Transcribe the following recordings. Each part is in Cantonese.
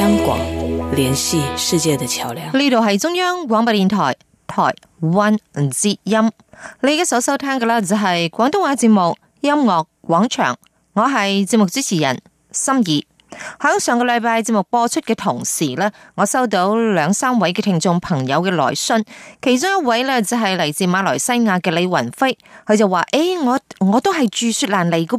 香港聯繫世界的橋樑。呢度係中央廣播電台台灣之音，你而家所收聽嘅啦就係廣東話節目音樂廣場，我係節目主持人心儀。喺上個禮拜節目播出嘅同時咧，我收到兩三位嘅聽眾朋友嘅來信，其中一位咧就係、是、嚟自馬來西亞嘅李雲輝，佢就話：誒、欸，我我都係住雪蘭尼嘅，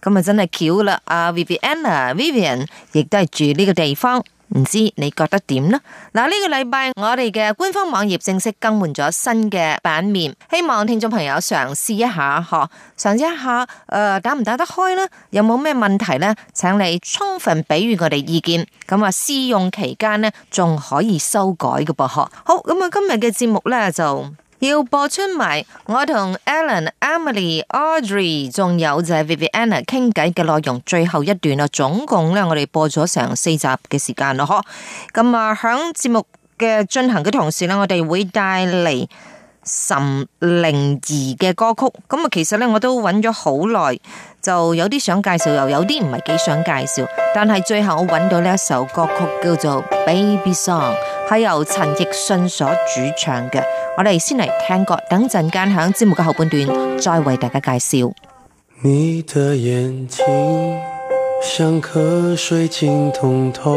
咁啊真係巧啦！阿 Viviana、Vivian 亦 Viv 都係住呢個地方。唔知你覺得點呢？嗱，呢個禮拜我哋嘅官方網頁正式更換咗新嘅版面，希望聽眾朋友嘗試一下，嗬，嘗試一下，誒，打唔打得開呢？有冇咩問題呢？請你充分俾予我哋意見。咁啊，試用期間呢，仲可以修改嘅噃，嗬。好，咁啊，今日嘅節目呢，就。要播出埋我同 Alan、Emily、Audrey，仲有就係 Viviana 傾偈嘅內容，最後一段啦，總共咧我哋播咗成四集嘅時間咯，嗬？咁啊，響節目嘅進行嘅同時咧，我哋會帶嚟。岑寧兒嘅歌曲，咁啊，其實咧我都揾咗好耐，就有啲想介紹，又有啲唔係幾想介紹，但係最後我揾到呢一首歌曲叫做《Baby Song》，係由陳奕迅所主唱嘅。我哋先嚟聽歌，等陣間響節目嘅後半段再為大家介紹。你的眼睛像顆水晶通透，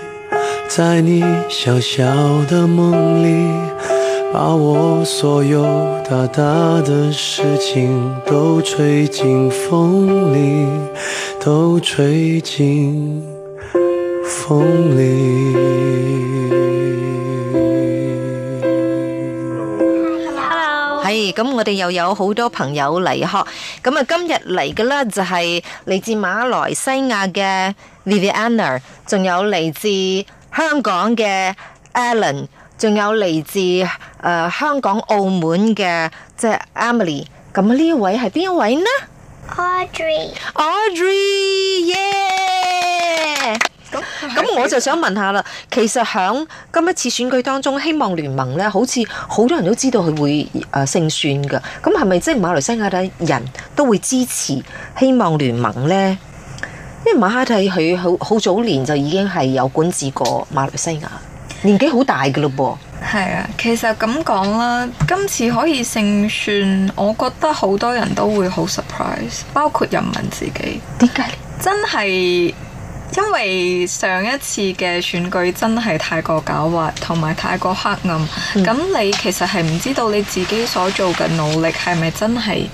在你小小的夢裏，把我所有大大的事情都吹進風裏，都吹進風裏。Hello，Hello，係咁，我哋又有好多朋友嚟學。咁啊，今日嚟嘅咧就係嚟自馬來西亞嘅 Viviana，仲有嚟自。香港嘅 Alan，仲有嚟自誒、呃、香港澳門嘅即係 Emily，咁呢一位係邊一位呢？Audrey，Audrey，耶！e 咁咁我就想問一下啦，嗯、其實響今一次選舉當中，希望聯盟咧，好似好多人都知道佢會誒勝算嘅，咁係咪即係馬來西亞嘅人都會支持希望聯盟咧？因為馬哈蒂佢好好早年就已經係有管治過馬來西亞，年紀好大噶咯噃。係啊，其實咁講啦，今次可以勝算，我覺得好多人都會好 surprise，包括人民自己。點解呢？真係因為上一次嘅選舉真係太過狡猾，同埋太過黑暗。咁、嗯、你其實係唔知道你自己所做嘅努力係咪真係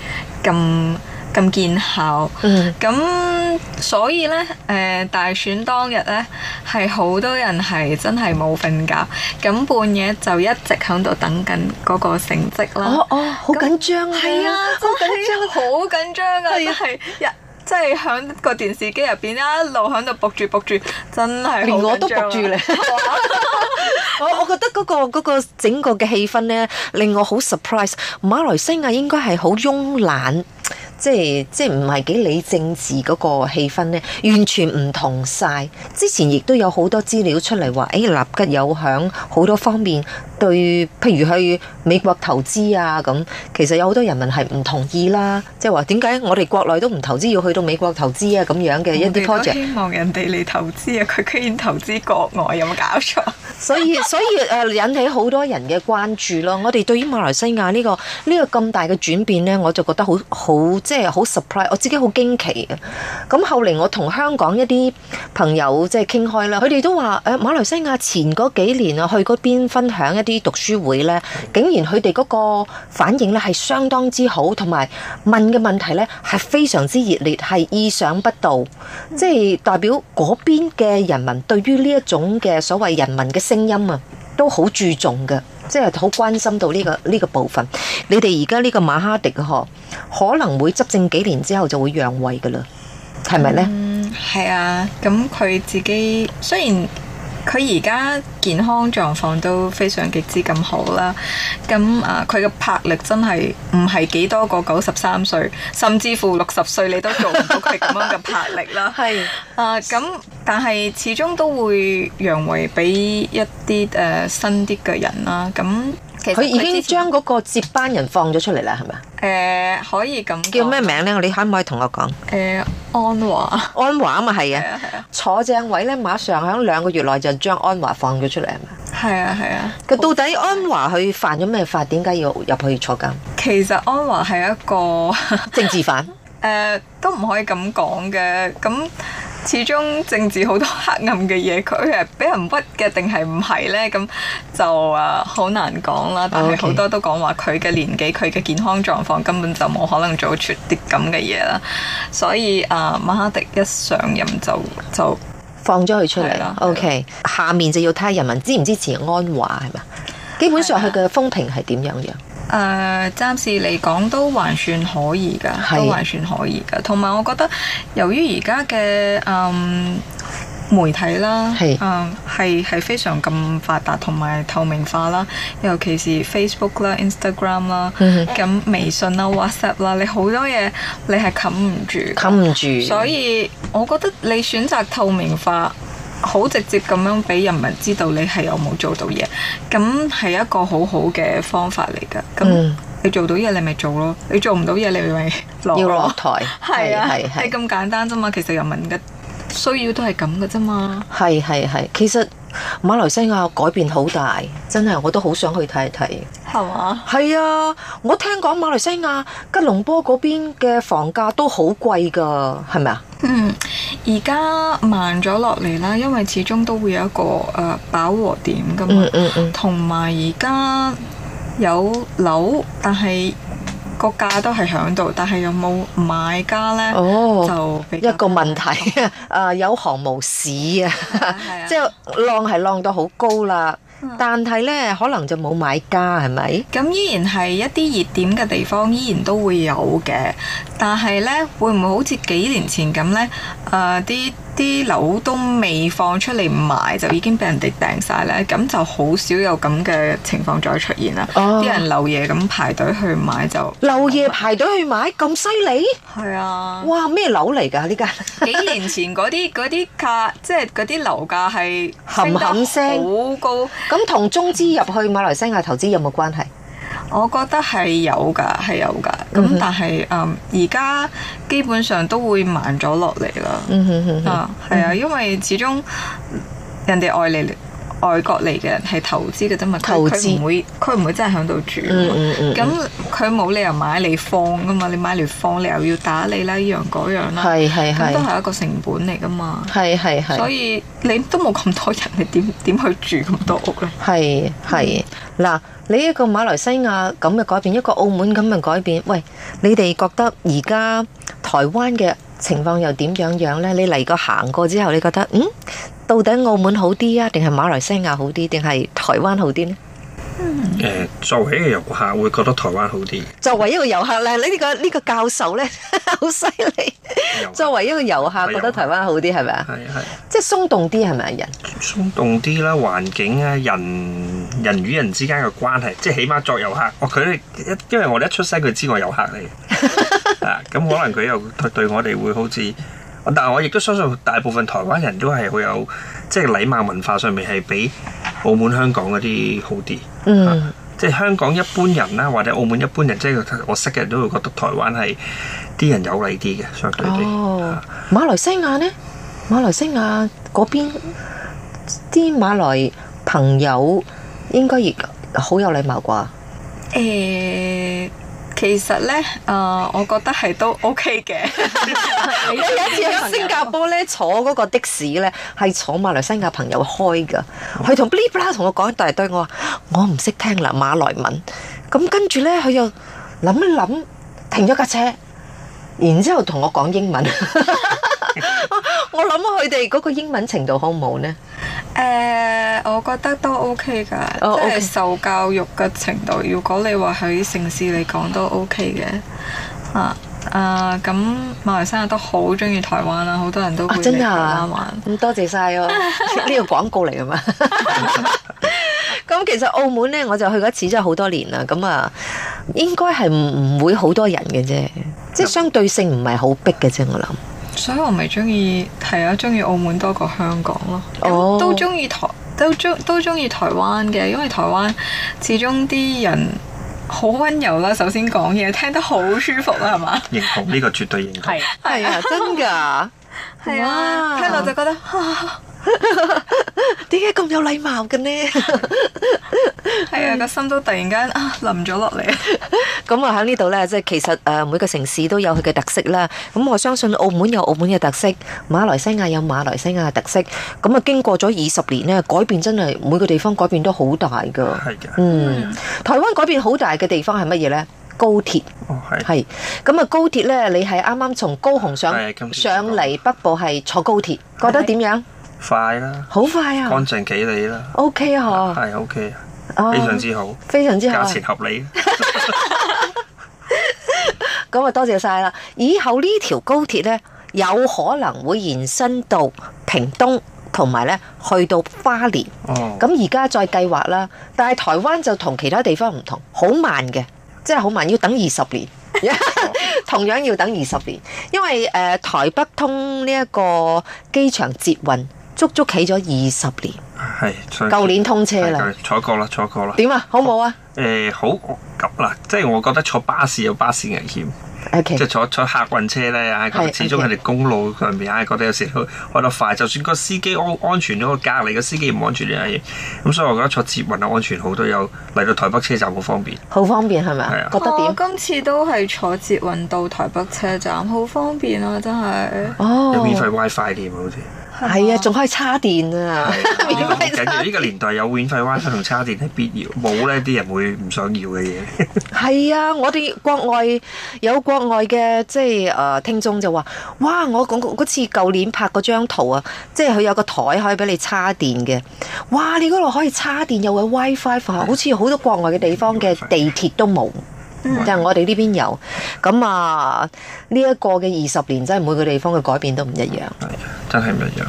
咁？咁見效，咁、嗯、所以咧，誒、呃，大選當日咧，係好多人係真係冇瞓覺，咁半夜就一直響度等緊嗰個成績啦、哦。哦哦，好緊張啊，係啊，好緊張，好緊張啊，都係即係響個電視機入邊一路響度卜住卜住，真係連我都卜住你。我 我覺得嗰、嗰個、嗰個整個嘅氣氛咧，令我好 surprise。馬來西亞應該係好慵懶。即係即係唔係幾理政治嗰個氣氛咧，完全唔同晒。之前亦都有好多資料出嚟話，誒、欸、立吉有響好多方面對，譬如去美國投資啊咁。其實有好多人民係唔同意啦，即係話點解我哋國內都唔投資要去到美國投資啊，咁樣嘅一啲 project。我哋希望人哋嚟投資啊，佢居然投資國外，有冇搞錯？所以所以誒引起好多人嘅關注咯。我哋對於馬來西亞呢、呢個呢、呢個咁大嘅轉變咧，我就覺得好好。好即係好 surprise，我自己好驚奇嘅。咁後嚟我同香港一啲朋友即係傾開啦，佢哋都話，誒，馬來西亞前嗰幾年啊，去嗰邊分享一啲讀書會咧，竟然佢哋嗰個反應咧係相當之好，同埋問嘅問題咧係非常之熱烈，係意想不到，即係代表嗰邊嘅人民對於呢一種嘅所謂人民嘅聲音啊，都好注重嘅。即係好關心到呢個呢個部分，你哋而家呢個馬哈迪呵，可能會執政幾年之後就會讓位㗎喇，係咪呢？嗯，係啊，咁佢自己雖然。佢而家健康狀況都非常極之咁好啦，咁啊佢嘅魄力真係唔係幾多個九十三歲，甚至乎六十歲你都做唔到佢咁樣嘅魄力啦。係啊 是，咁、呃、但係始終都會讓位俾一啲誒、呃、新啲嘅人啦。咁。佢已經將嗰個接班人放咗出嚟啦，係咪？誒、呃，可以咁，叫咩名咧？你可唔可以同我講？誒、呃，安華，安華啊嘛，係啊，的坐正位咧，馬上喺兩個月內就將安華放咗出嚟，係咪？係啊，係啊，佢到底安華佢犯咗咩法？點解要入去坐監？其實安華係一個 政治犯。誒、呃，都唔可以咁講嘅咁。始終政治好多黑暗嘅嘢，佢係俾人屈嘅定係唔係呢？咁就誒好難講啦。但係好多都講話佢嘅年紀、佢嘅 Okay. 健康狀況根本就冇可能做出啲咁嘅嘢啦。所以誒、啊，馬哈迪一上任就就放咗佢出嚟。O、okay. K，下面就要睇下人民支唔支持安華係咪。基本上佢嘅風評係點樣樣？誒、uh, 暫時嚟講都還算可以㗎，都還算可以㗎。同埋是我覺得，由於而家嘅嗯媒體啦，嗯係是、uh, 非常咁發達同埋透明化啦，尤其是 Facebook 啦、Instagram 啦、咁、mm hmm. 微信啦、WhatsApp 啦，你好多嘢你係冚唔住，冚唔住。所以我覺得你選擇透明化。好直接咁樣俾人民知道你係有冇做到嘢，咁係一個好好嘅方法嚟噶。咁你做到嘢你咪做咯，你做唔到嘢你咪落台，係啊，係咁簡單咋嘛？其實人民嘅需要都係咁嘅咋嘛？係係係，其實。馬來西亞改變好大，真係我都好想去睇一睇，係嘛？係啊，我聽講馬來西亞吉隆坡嗰邊嘅房價都好貴噶，係咪啊？嗯，而家慢咗落嚟啦，因為始終都會有一個誒飽和點噶嘛，嗯，嗯嗯，同埋而家有樓，但係。個價都係喺度，但係有冇買家呢？哦、oh，就一個問題啊！有行無市啊！即係 浪係浪到好高啦，但係呢可能就冇買家係咪？咁依然係一啲熱點嘅地方，依然都會有嘅。但係呢會唔會好似幾年前咁呢？誒、呃、啲。啲樓都未放出嚟買，就已經俾人哋訂晒咧，咁就好少有咁嘅情況再出現啦。啲、哦、人漏夜咁排隊去買就漏夜排隊去買咁犀利？係啊！哇！咩樓嚟㗎呢間？ 幾年前嗰啲嗰啲價，即係嗰啲樓價係冚冚聲好高。咁同中資入去馬來西亞投資有冇關係？我覺得係有㗎，係有㗎。咁但係，mm hmm. 嗯，而家基本上都會慢咗落嚟啦。Mm hmm. 啊，係啊，mm hmm. 因為始終人哋愛你外國嚟嘅人係投資嘅啫嘛，佢，投資？佢唔會佢唔會真係喺度住。咁佢冇理由買你放噶嘛，你買嚟放你又要打理啦，呢樣嗰樣啦。係係。咁都係一個成本嚟噶嘛。係係係。所以你都冇咁多人，你點點去住咁多屋咧？係係。嗱，你一個馬來西亞咁嘅改變，一個澳門咁嘅改變，喂，你哋覺得而家台灣嘅情況又點樣樣呢？你嚟過行過之後，你覺得嗯？到底澳門好啲啊，定係馬來西亞好啲，定係台灣好啲呢？誒、嗯，作為一個遊客會覺得台灣好啲。作為一個遊客咧，呢、 呢個呢、呢個教授咧好犀利。客作為一個遊客覺得台灣好啲係咪啊？係係。即係鬆動啲係咪啊？人鬆動啲啦，環境啊，人人與人之間嘅關係，即係起碼作遊客，佢、哦、一因為我哋一出聲，佢知我遊客嚟咁、 啊、可能佢又對我哋會好似。但係我亦都相信大部分台灣人都係會有即，就是，禮貌文化上面係比澳門香港嗰啲好啲，嗯，即，啊就是，香港一般人啦或者澳門一般人即，就是，我識嘅人都會覺得台灣係啲人有禮啲嘅相對啲，哦。馬來西亞呢？馬來西亞嗰邊啲馬來朋友應該亦好有禮貌啩。誒、欸。其實咧，啊、呃，我覺得係都 OK 嘅。 我有一次喺新加坡咧，坐嗰個的士咧，係坐馬來新加坡朋友開噶，佢同噼哩啪啦同我講一大堆，我話我唔識聽啦馬來文。咁跟住咧，佢又諗一諗，停咗架車，然之後同我講英文。 我諗佢哋嗰個英文程度好唔好呢？誒，uh, 我覺得都 OK 㗎，即係、oh, 受教育嘅程度。okay. 如果你話喺城市嚟講，都 OK 嘅。啊啊，咁馬來西亞都好鍾意台灣啦，好多人都去台灣玩。咁、啊、玩多謝晒喎，呢 個廣告嚟㗎嘛。咁其實澳門呢，我就去過一次，真係好多年啦。咁啊，應該係唔唔會好多人嘅啫，嗯、即係相對性唔係好逼嘅啫，我諗。所以我咪中意，係啊，中意澳門多過香港咯、oh. 嗯。都中意台，都中都中意台灣嘅，因為台灣始終啲人好溫柔啦。首先講嘢聽得好舒服啦，係嘛？認同呢個絕對認同，係啊，真㗎，係啊，哇聽落就覺得。啊點解咁有禮貌嘅呢？係啊，個心都突然間啊冧咗落嚟。咁啊喺呢度呢，即係其實誒，每個城市都有佢嘅特色啦。咁我相信澳門有澳門嘅特色，馬來西亞有馬來西亞嘅特色。咁啊，經過咗二十年呢，改變真係每個地方改變都好大噶。係嘅。嗯，台灣改變好大嘅地方係乜嘢呢？高鐵。哦，係。係。咁啊，高鐵呢，你係啱啱從高雄上上嚟北部係坐高鐵，覺得點樣？快啦，好快啊！乾淨企理啦，O K 啊，係 O K 非常之好，非常之好，價錢合理。咁啊，多謝晒啦！以後呢條高鐵呢，有可能會延伸到屏東，同埋呢去到花蓮。咁而家再計劃啦。但係台灣就同其他地方唔同，好慢嘅，即係好慢，要等二十年，oh. 同樣要等二十年。因為誒、呃、台北通呢一個機場捷運。足足企咗二十年，係舊年通車啦，坐過啦，坐過啦。點啊？好唔好啊？誒、呃，好咁啦，即係我覺得坐巴士有巴士危險，Okay. 即係坐坐客運車咧，是始終喺啲 okay. 公路上面，覺得有時開得快，就算個司機安全、那個、司機安全咗，隔籬嘅司機唔安全呢樣嘢。咁所以我覺得坐捷運又安全好多，有嚟到台北車站好方便。好方便係咪啊？覺得點？今次都係坐捷運到台北車站，好方便啊！真係哦，有免費 WiFi 添好似。係啊，仲、哦、可以叉電啊！免費、啊、緊、 啊、要呢、啊、個年代有免費 WiFi 同叉電係電必要，冇呢啲人會唔想要嘅嘢。係啊，我哋國外有國外嘅即係誒聽眾就話，哇！我講嗰次舊年拍嗰張圖啊，即係佢有個台可以俾你叉電嘅。哇！你嗰度可以叉電又有 WiFi，好似好多國外嘅地方嘅地鐵都冇。就係我哋呢邊有，咁啊呢一個嘅二十年，真係每個地方嘅改變都唔一樣，係啊、真係唔一樣。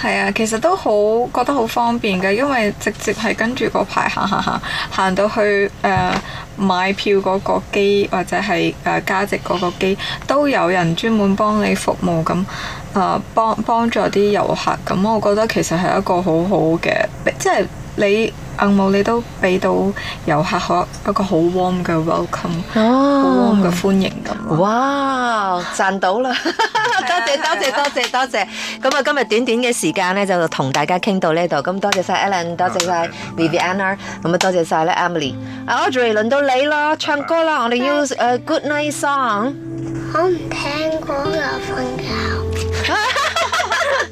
係啊，其實都好覺得好方便嘅，因為直接係跟住嗰排行行行行到去誒、呃、買票嗰個機，或者係誒加值嗰個機，都有人專門幫你服務，咁、呃、誒幫幫助啲遊客。咁我覺得其實係一個好好嘅，即係。你硬帽，你都俾到遊客好一個好 warm 嘅 welcome，好 warm 嘅歡迎咁。哇，賺到啦！多謝多謝多謝多謝。咁啊，今日短短嘅時間咧，就同大家傾到呢度。咁多謝曬 Ellen，多謝曬 Vivian，咁啊多謝曬咧 Emily，Audrey，輪到你啦，唱歌啦，我哋 use a good night song。我唔聽歌㗎瞓覺。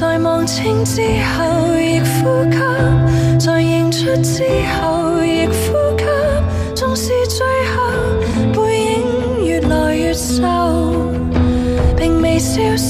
在望清之後，亦呼吸；在認出之後，亦呼吸。縱使最後，背影越來越瘦，並未消失。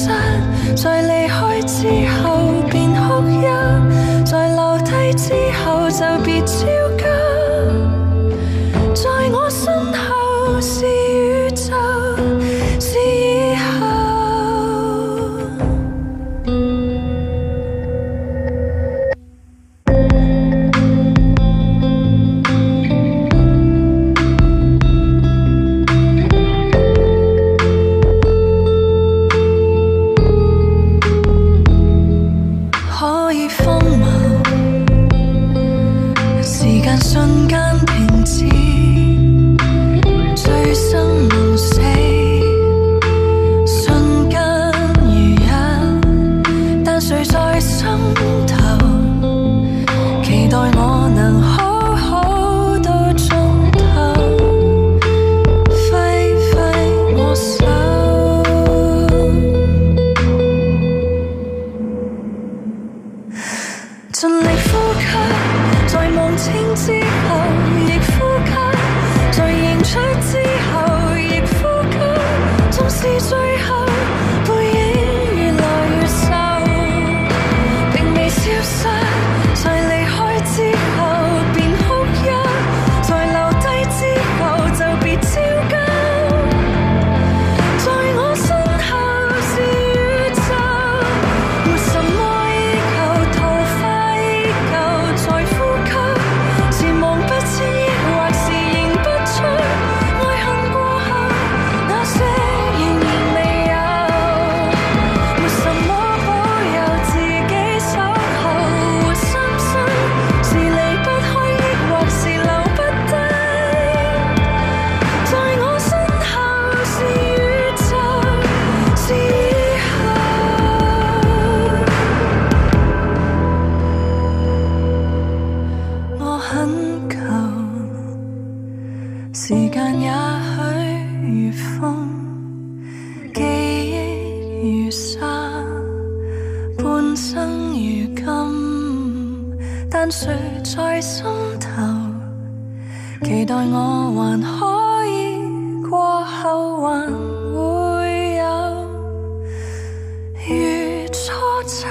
誰在心頭期待，我還可以過後，還會有如初秋。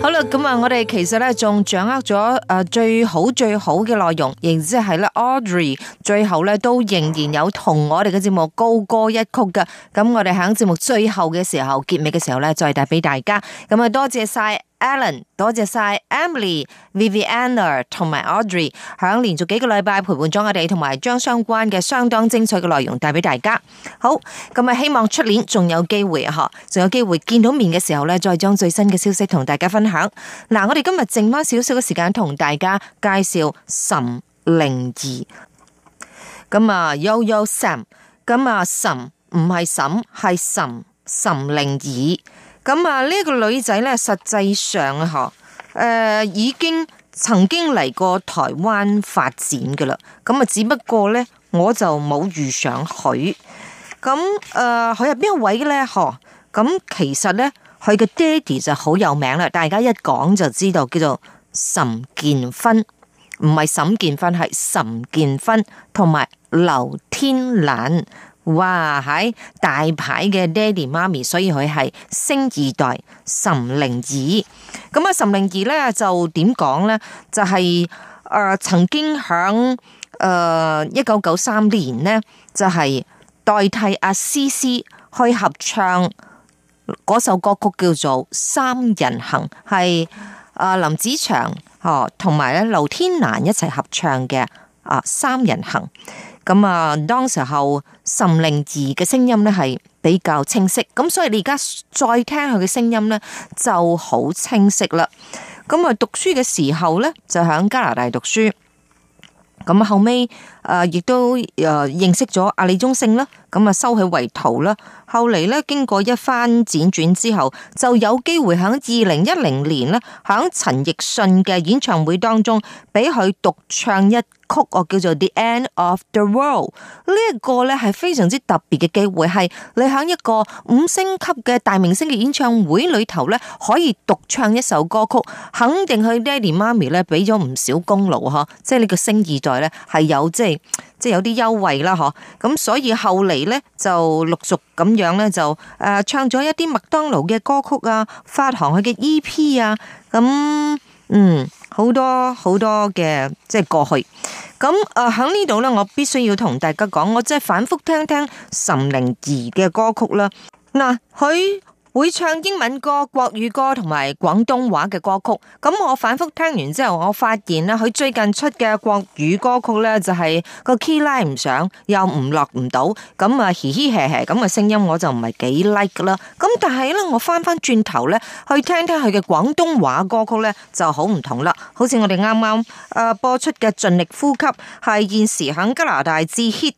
好啦，咁啊，我哋其實咧仲掌握咗誒最好最好嘅內容，然之係咧 Audrey，最後咧都仍然有同我哋嘅節目高歌一曲㗎。咁我哋喺節目最後嘅時候，結尾嘅時候咧，再帶俾大家。咁啊，多謝晒。Allen，多謝晒 Emily、Vivian 同埋 Audrey，響連續幾個禮拜陪伴咗我哋，同埋將相關嘅相當精彩嘅內容帶俾大家。好，咁咪希望出年仲有機會啊！仲有機會見到面嘅時候呢，再將最新嘅消息同大家分享。嗱，我哋今日剩翻少少嘅時間，同大家介紹岑寧兒。咁、嗯、啊，Yoyo Sham，咁、嗯、啊，岑唔係沈，係岑岑寧兒。咁啊，呢個女仔咧，實際上啊，嗬，誒，已經曾經嚟過台灣發展噶啦。咁啊，只不過咧，我就冇遇上佢。咁誒，佢入邊一位咧？嗬、呃，咁其實咧，佢嘅爹哋就好有名啦，大家一講就知道，叫做岑建勳，唔係沈建勳，係岑建勳同埋劉天蘭。哇！喺大牌嘅爹哋媽咪，所以佢係星二代，岑玲儀。咁啊，陳靈儀咧就點講咧？就係誒、就是呃，曾經響誒一九九三年呢，就係、是、代替阿 C C 去合唱嗰首歌曲，叫做《三人行》，係阿、呃、林子祥哦，同埋咧劉天蘭一齊合唱嘅《啊、呃、三人行》。咁啊，當時候岑寧兒嘅聲音咧係比較清晰，咁所以你而家再聽佢嘅聲音咧就好清晰啦。咁啊，讀書嘅時候咧就喺加拿大讀書，咁啊後尾。啊，亦都啊，認識咗阿李宗盛啦，咁啊收起為徒啦。後嚟咧，經過一番輾轉之後，就有機會喺二零一零年咧，喺陳奕迅嘅演唱會當中，俾佢獨唱一曲，我叫做《The End of the World》這個呢。呢一個咧係非常之特別嘅機會，係你喺一個五星級嘅大明星嘅演唱會裏頭咧，可以獨唱一首歌曲，肯定佢爹哋媽咪咧俾咗唔少功勞呵。即係呢個星二代咧係有即係。即係有啲優惠啦，嗬！咁所以後嚟呢，就陸續咁樣呢，就誒唱咗一啲麥當勞嘅歌曲啊，發行佢嘅 E.P. 啊，咁嗯好多好多嘅即係過去。咁誒喺呢度呢，我必須要同大家講，我即係反覆聽聽岑寧兒嘅歌曲啦。嗱，佢。會唱英文歌、國語歌同埋廣東話嘅歌曲，咁我反復聽完之後，我發現呢佢最近出嘅國語歌曲呢，就係個 key line 唔上，又唔落唔到，咁啊嘻嘻嘻嘻，咁嘅聲音我就唔係幾 like 啦。咁但係呢，我翻翻轉頭呢，去聽聽佢嘅廣東話歌曲呢，就好唔同啦，好似我哋啱啱誒播出嘅《盡力呼吸》係現時喺加拿大之 hit，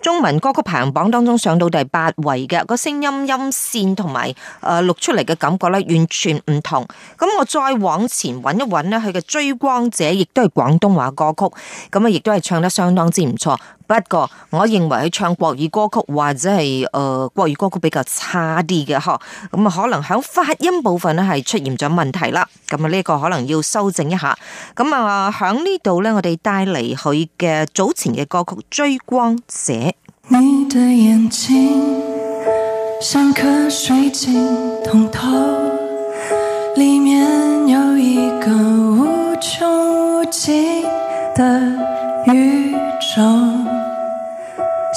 中文歌曲排行榜當中上到第八位嘅，個聲音音線同埋誒錄出嚟嘅感覺咧完全唔同。咁我再往前搵一揾咧，佢嘅追光者亦都係廣東話歌曲，咁啊亦都係唱得相當之唔錯。不過我認為佢唱國語歌曲或者係誒、呃、國語歌曲比較差啲嘅嗬，咁啊可能響發音部分咧係出現咗問題啦，咁啊呢個可能要修正一下。咁啊響呢度咧，我哋帶嚟佢嘅早前嘅歌曲《追光者》。你的眼睛像顆水晶，通透，裏面有一個無窮無盡的宇宙。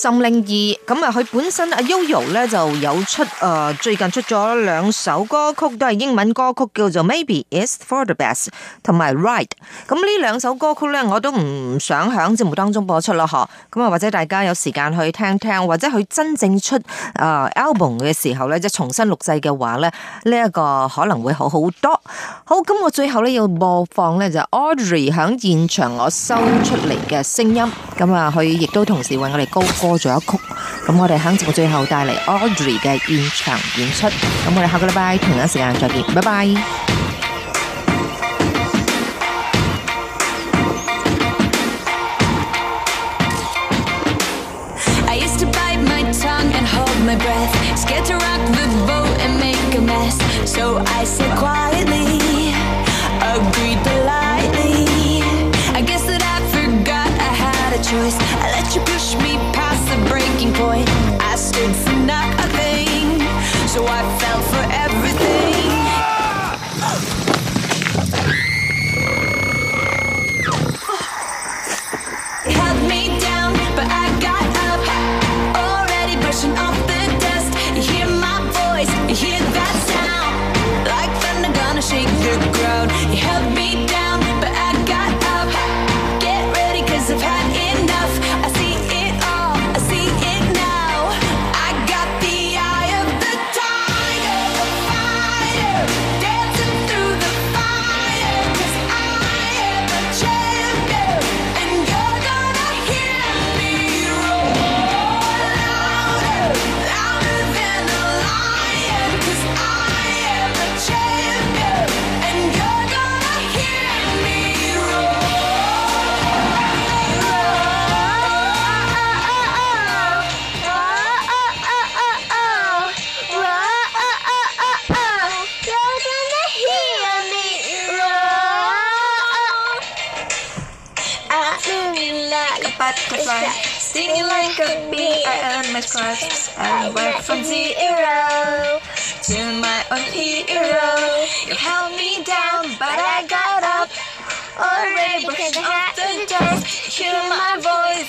心靈二咁啊，佢本身阿 Yoyo 咧就有出，誒、呃、最近出咗兩首歌曲，都係英文歌曲，叫做 Maybe It's For The Best 同埋 Right。咁呢兩首歌曲咧，我都唔想響節目當中播出咯嗬。咁啊，或者大家有時間去聽聽，或者佢真正出誒、呃、album 嘅時候咧，即係重新錄製嘅話咧，呢、這、一個可能會好好多。好，咁我最後咧要播放咧就是、Audrey 響現場我收出嚟嘅聲音。咁啊，佢亦都同時為我哋高歌。播咗一曲，咁我哋喺節目最後帶嚟 Audrey 嘅現場演出，咁我哋下個禮拜同一時間再見，拜拜。